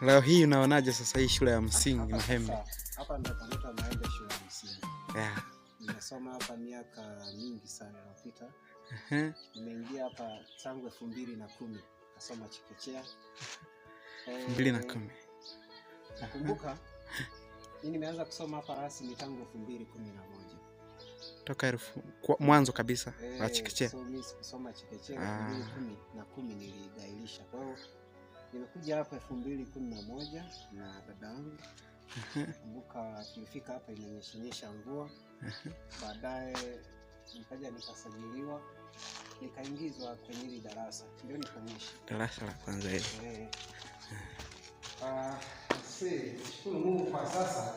Leo hii unaonaje sasa hii shule ya msingi Mahembe? Hapa ndo kanaitwa Mahembe shule ya msingi. Yeah. Nimesoma hapa miaka mingi sana iliyopita. Uh-huh. Nimeingia hapa tangu elfu mbili na kumi nasoma chekechea. elfu mbili na eh, kumi. Nakumbuka uh-huh. mimi nimeanza kusoma hapa rasmi tangu elfu mbili kumi na moja toka elfu mwanzo kabisa wa eh, chekechea. So mimi sikusoma chekechea elfu mbili ah. na kumi niligailisha. Kwa hiyo Nilikuja hapa elfu mbili kumi na moja na dada wangu kumbuka, tulifika hapa imenyeshinyesha mvua, baadaye nikaja nikasajiliwa nikaingizwa kwenye hili darasa, ndio nikaonyesha darasa la kwanza hili. Eh. Ah, Nashukuru Mungu kwa sasa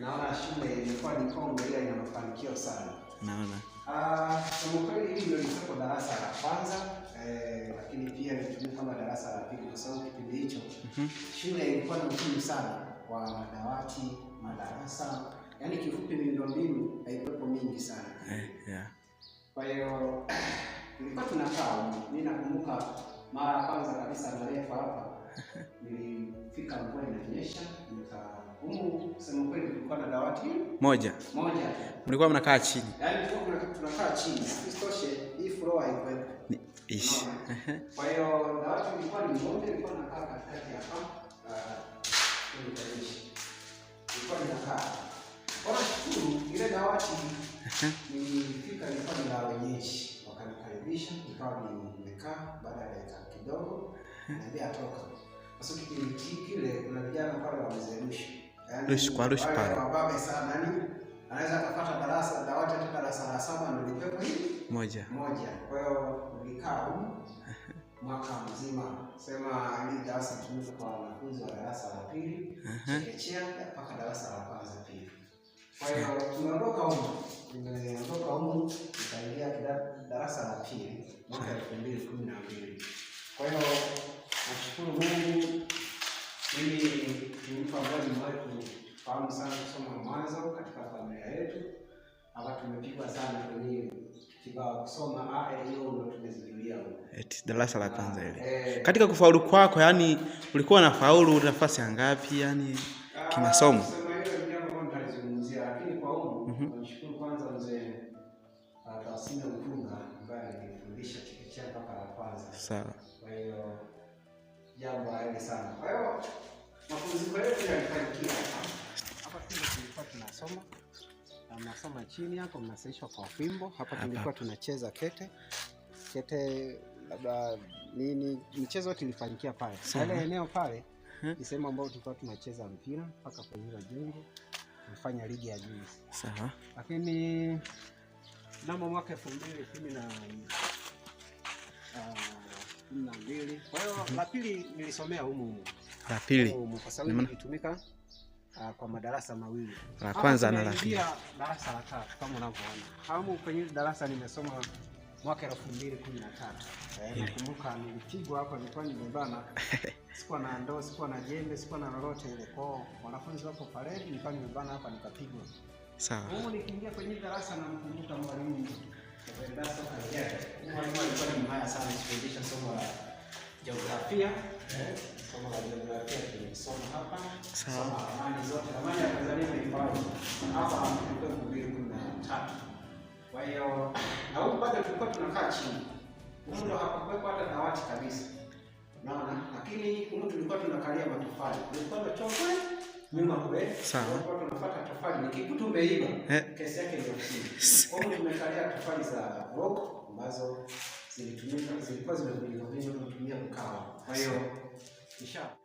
naona shule imekuwa ni kongwe, ila ina mafanikio sana. Naona ah, kwa kweli hili ndio litakuwa darasa la kwanza, eh, lakini pia litumika kama darasa Shule ilikuwa na uchumi sana kwa madawati, madarasa, yaani kifupi miundombinu haikuwepo mingi sana eh, yeah. Kwa hiyo tulikuwa tunakaa, mimi nakumbuka mara ya kwanza kabisa marefu hapa nilifika, mvua inanyesha, nikahumu kusema kweli, tulikuwa na dawati moja moja, mlikuwa mnakaa chini, yaani tunakaa chini, isitoshe hii floor haikuwepo ishi. Kwa hiyo na watu katikati hapa uh, ile dawati nilifika, nilikuwa ni la wenyeji, wakanikaribisha nikawa Baada ya dakika kidogo naambia atoka sasa. Kipindi rushi yaani kwa rushi pale anaweza akapata darasa dawati hata darasa la saba ndio likuwepo hili moja moja. Kwa hiyo ulikaa huko mwaka mzima, sema hili darasa litumike kwa wanafunzi wa darasa la pili chekechea mpaka darasa la kwanza pia. Kwa hiyo tumeondoka huko, tumeondoka huko tukaingia darasa la pili mwaka elfu mbili kumi na mbili. Kwa hiyo nashukuru Mungu, mimi nimpa mwalimu ambaye tufahamu sana kusoma mwanzo katika familia yetu, hapa tumepigwa sana kwenye kibao kusoma a e, ndio eti darasa la kwanza ile. Ah, eh. katika kufaulu kwako, yani ulikuwa na faulu nafasi ya ngapi yani ah, kimasomo? Mhm. Ah, Sawa. Kwa hiyo jambo sana. Kwa hiyo yetu yalifanikiwa hapa kile tulikuwa tunasoma na mnasoma chini hapo, mnasaishwa kwa fimbo hapa. Tulikuwa tunacheza kete kete, labda ni, ni michezo yote ilifanikia pale pale eneo pale. Ni sehemu ambayo tulikuwa tunacheza mpira mpaka kwenye hilo jengo, tunafanya ligi ya juu. Sawa, lakini namo mwaka elfu mbili kumi na ah, kumi na mbili kwa hiyo la pili nilisomea humu humu, la pili kwa sababu nilitumika Ah, kwa madarasa mawili. La kwanza na la pili. Darasa la tatu kama unavyoona. Hamu kwenye darasa nimesoma mwaka 2013. Eh, nakumbuka nilipigwa hapa nilikuwa nimebana. Sikuwa na ndoo, sikuwa na jembe, sikuwa na lolote ile. Kwa wanafunzi wako paredi nilikuwa nimebana hapa nikapigwa. Sawa. Hamu nikiingia kwenye darasa na mkumbuka mwalimu. Darasa la kwanza. Mwalimu alikuwa ni mbaya sana kufundisha somo la geografia eh, somo la geografia tulisoma hapa, somo la ramani zote. Ramani ya Tanzania imeifahamu hapa tulikuwa elfu mbili kumi na tatu. Kwa hiyo na huko bado tulikuwa tunakaa chini, huko hapakuwepo hata dawati kabisa, unaona, lakini huko tulikuwa tunakalia matofali, tulikuwa tunachokwe nyuma kule, tulikuwa tunafuata tofali, nikikuta umeiba eh. kesi yake ndio ofisini. Kwa hiyo tumekalia tofali za rock ambazo zilitumika zilikuwa zimevunjika vunjika kutumia mkao. Kwa hiyo kisha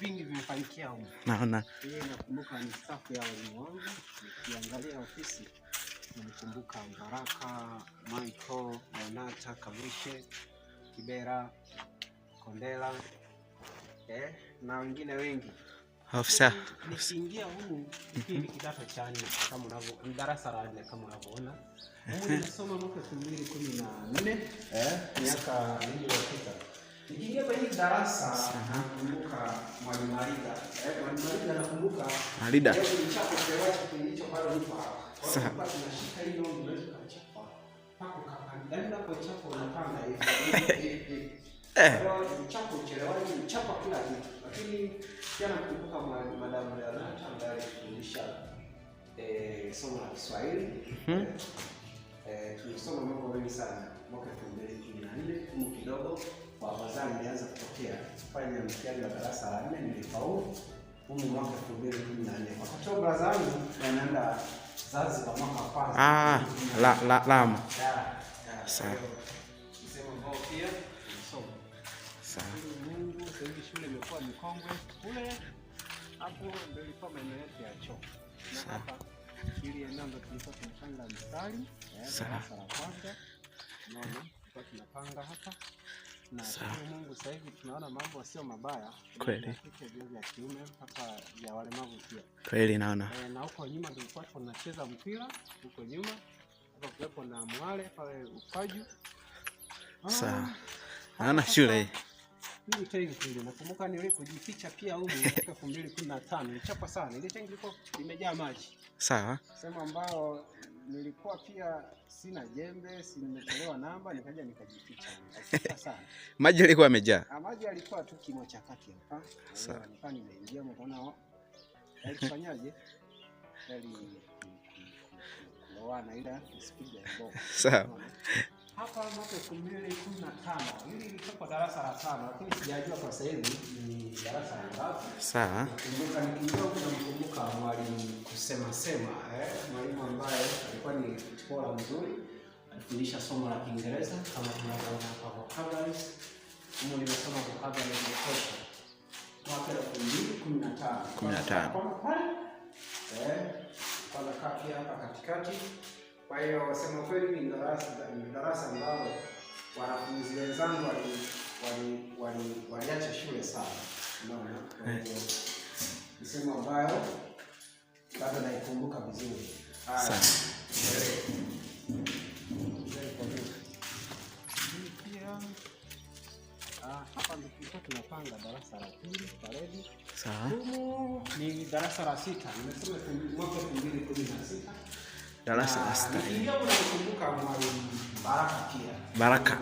vingi vimefanikia huko. Naona yeye nakumbuka ni safu ya walimu wangu, nikiangalia ofisi nilikumbuka Mbaraka, Michael, Manata, Kamishe, Kibera, Kondela eh, na wengine wengi Afisa nikiingia humu ni kidato cha nne kama unavyo darasa la nne kama unavyoona, mwaka 2014 eh, miaka iliyopita. Nikiingia kwenye darasa nakumbuka mwalimu eh, mwalimu nakumbuka kipindi hicho bado hapa. tunashika ndio pako kama ndani na kwa unapanga hivi. Eh, chapa kila kitu lakini pia nakumbuka madamu Danata ambaye alifundisha eh, somo la Kiswahili. Mhm. Eh, eh, tulisoma mambo mengi sana mwaka 2014 huko kidogo kwa wazani nilianza kutokea kufanya mtihani wa darasa la nne nilifaulu humu mwaka 2014. Kwa sababu braza wangu anaenda Zanzibar mwaka wa kwanza. Ah, la la Lamu. Sawa. Sema mbao Sawa sasa hivi shule imekuwa ni kongwe. Kule hapo ndio ilikuwa maeneo yetu ya choo, na hapa ili eneo ndio tulikuwa tunapanga mstari eh, darasa la kwanza, naona tulikuwa tunapanga hapa na shukuru Mungu, sasa hivi tunaona mambo sio mabaya kweli, vyo vya kiume hata vya walemavu pia kweli naona e, na huko nyuma tulikuwa tunacheza mpira huko nyuma, kuwepo na mwale pale upaju. Ah, Sawa, naona shule hii Hili tanki hili nakumbuka nilipojificha pia huko mwaka 2015 nilichapa sana. Ile tanki ilikuwa maji. Sawa. Sema ambao nilikuwa pia sina jembe, namba, nikaja nikajificha. Sana. Maji yalikuwa yamejaa. Maji yalikuwa tu kimo cha kati hapa. Sawa. nimeingia mkono. Alifanyaje? Ali Sawa hapa mwaka elfu mbili kumi na tano hili ilikuwa darasa la tano, lakini sijajua kwa sehemu ni darasa la ngapi. Sawa, kumbuka nikiingia huko namkumbuka mwalimu kusema sema, eh, mwalimu ambaye alikuwa ni bora mzuri, alifundisha somo la Kiingereza kama tunavyoona hapa, vocabularies somo limesoma vocabularies ya kutosha mwaka elfu mbili kumi na tano kumi na tano pale, eh, kwa katikati kwa hiyo sema kweli, ni darasa ni darasa ambalo wanafunzi wenzangu wali wali wali waliacha shule sana, unaona msemo eh. ambayo bado naikumbuka vizuri. Ah, hapa tunapanga darasa la pili paredi. Sawa. Ni darasa la sita. Nimesema mwaka darasa la sita Baraka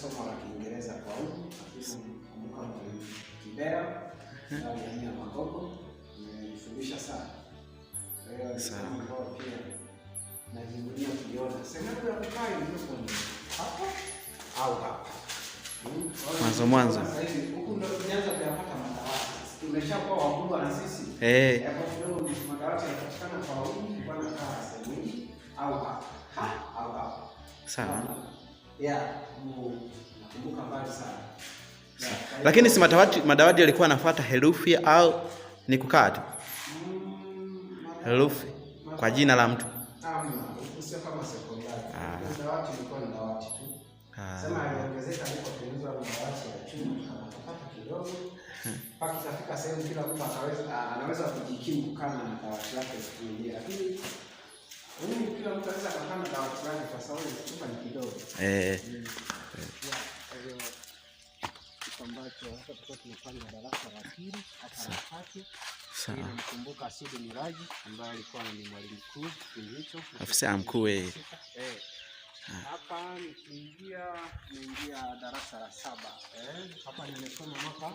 somo la Kiingereza kwa huku akikumbuka Magogo hmm? mwanzo mwanzo, tunaanza kuyapata wakubwa na sisi eh, madawati yanapatikana kwa wingi kwa sehemu hii au hapa au hapa. Sawa, nakumbuka mbali sana. Lakini si madawati madawati yalikuwa yanafuata herufi au ni kukaa tu mm, herufi kwa jina la mtu. Ah, mpaka itafika sehemu kila mtu ah, anaweza kujikimu kama na dawati lake kuingia, lakini kila mtu anaweza na dawati lake kwa sababu chumba ni kidogo eh, eh. eh. la afisa mkuu eh. eh. Hapa darasa la saba eh, hapa nimesoma mwaka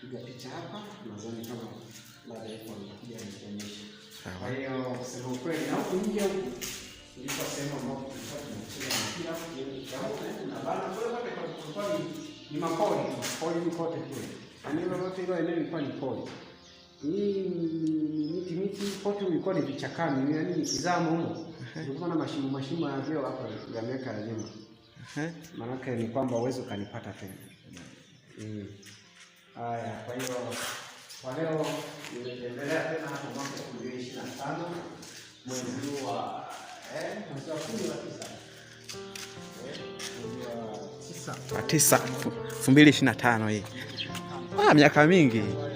piga picha hapa, nadhani kama baada ya kuja nikuonyesha. Kwa hiyo kusema ukweli, na huku nje huku ndipo sehemu ambapo tulikuwa tunacheza mpira na bana kule kote kulikuwa ni ni mapori mapori kote kule, eneo lolote hilo eneo lilikuwa ni pori, hii miti miti kote ilikuwa ni vichakani, yaani nikizama huko kulikuwa na mashimo mashimo ya vyoo hapo ya miaka ya nyuma, maanake ni kwamba uwezo kanipata tena mm. Haya, kwa hiyo kwa leo nimetembelea tena hapo mwaka elfu mbili ishirini na tano mwezi huu wa eh, mwezi wa kumi na tisa eh, wa tisa elfu mbili ishirini na tano hii ah, miaka mingi.